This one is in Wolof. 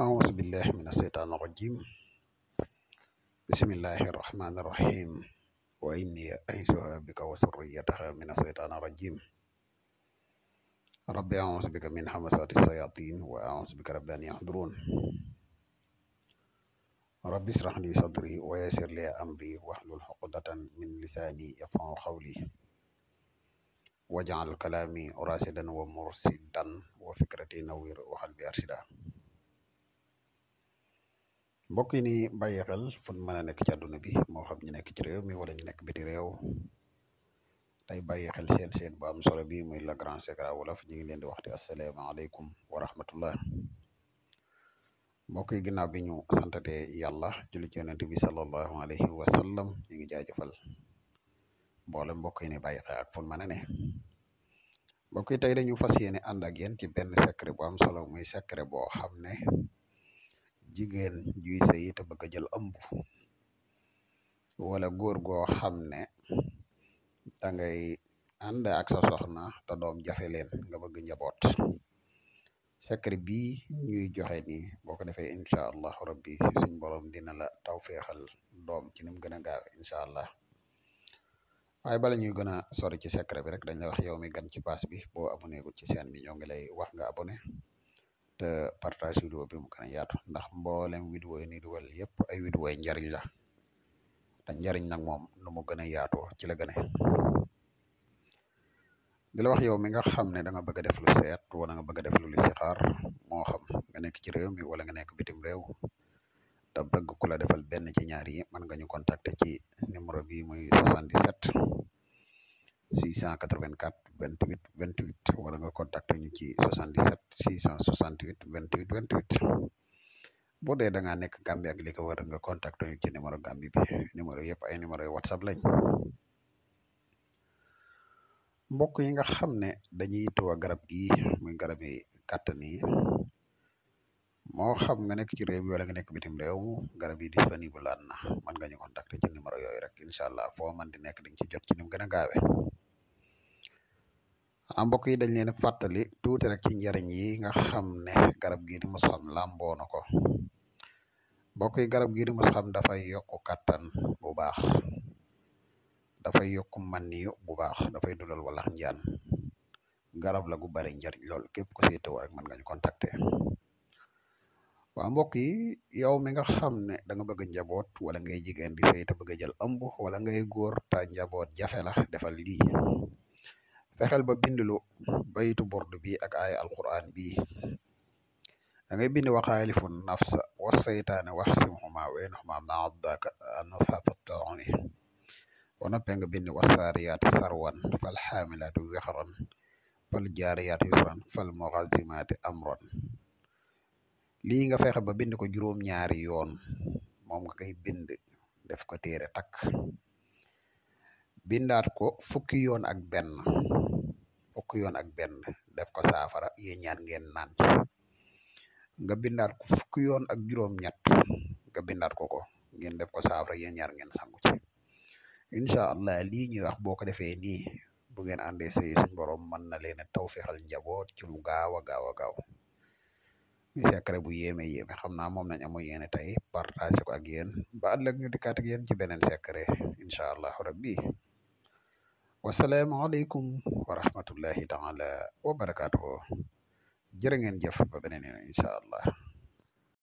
أعوذ بالله من الشيطان الرجيم بسم الله الرحمن الرحيم وإني أعيذها بك وذريتها من الشيطان الرجيم ربي أعوذ بك من همسات الشياطين وأعوذ بك رب أن يحضرون رب اشرح لي صدري ويسر لي أمري واحلل عقدة من لساني يفقهوا قولي واجعل كلامي راشدا ومرشدا وفكرتي نوير وحل بأرشدا mbokk yi nii bàyyi xel fu mën a nekk ci àdduna bi moo xam ñu nekk ci réew mi wala ñu nekk biti réew tey bàyyi xel seen seen bu am solo bi muy la grand secret wolof ñu ngi leen di waxti asalaamaaleykum wa rahmatullah mbokk yi ginnaaw bi ñu santate yàlla julli ci yonent bi sallallahu alayhi wa ñu ngi jaajëfal mboolem mbokk yi ni bàyyi xel ak fu mën a ne mbokk yi tey dañu fas yéene ànd ak yéen ci benn secret bu am solo muy secret boo xam ne Jigen juy sëy te bëgg jël ëmb wala góor go xamne da ngay ànd ak sa soxna te doom jafe leen nga bëgg njaboot secret bi ñuy joxe ni boko ko defee rabbi suñ borom dina la tawféexal doom ci nim gëna gaaw allah waaye bala ñuy gëna sori ci secret bi rek dañ la wax yow mi gan ci paas bi boo abonné gu ci chaîne bi ñoo ngi lay wax nga abonné te partage vidéo bi mu gëna yaatu ndax mboolem vidéo yi ni dugal yépp ay vidéo yi njariñ la te njariñ nag moom nu mu gëna yaatu ci la gën dila wax yow mi nga xam ne da nga bëgg def lu seet wala nga bëgg def lu listixaar moo xam nga nekk ci réew mi wala nga nekk bitim réew te bëgg ku la defal benn ci ñaar yi mën nga ñu contacter ci numéro bi muy 77 684 28 28 wala nga contact ñu ci 77 668 28 28 boo dee da ngaa nekk Gambie ak li ko war nga contact ñu ci numéro Gambie bi numéro yëpp ay numéro WhatsApp lañ mbokk yi nga xam ne dañuy tuwa garab gi muy garab yi kàttan yi moo xam nga nekk ci réew mi wala nga nekk bitim réew garab yi disponible aan na mën nga ñu contacter ci numéro yooyu rek incha allah man di nekk dañ ci jot ci ni mu gën Amboki ah, yi dañ leen fatali tuuti rek ci njariñ yi nga xam ne garab gii di musam làmboo na ko mbokk yi garab gii di musam dafay yokku kàttan bu baax dafay yokku maniyu bu baax dafay dundal walax njaan garab la gu bari njariñ lool képp ko si rek mën nga ñu waa mbokk yi yow mi nga xam ne da nga bëgg njaboot wala ngay jigéen di bëgg jël ëmb wala ngay góor ta njaboot jafe la defal lii fexeel ba bind lu bayitu bord bi ak ay alquran bii da ngay bind waxaalifu nafsa wa saytaane wax simxuma weenxuma maabdaka anfa fattaoni ba noppee nga bind wasaariyaati sarwan fal xaamilaati wexran fal jaariyaati yusran fal muxazimaati amran lii nga fexe ba bind ko juróom-ñaari yoon moom nga koy bind def ko téere takk bindaat ko fukki yoon ak ben fukk yoon ak benn def ko saafara yéen ñaar ngeen naan ci nga bindaat ko fukk yoon ak juróom-ñett nga bindaat ko ko ngeen def ko saafara yéen ñaar ngeen sangu ci incha allah lii ñuy wax boo ko defee nii bu ngeen àndee sëy suñ borom mën na leen a fexal njaboot ci lu gaaw a gaaw a gaaw mi secret bu yéeme yéeme xam moom nañ yéene tey partage ak yéen ba ëllëg ñu dikkaat ak yéen ci beneen secret incha allahu rabbi wasalaamualeykum wa rahmatullahi taala wa barakaatu jërë ngeen jëf ba beneen incha allah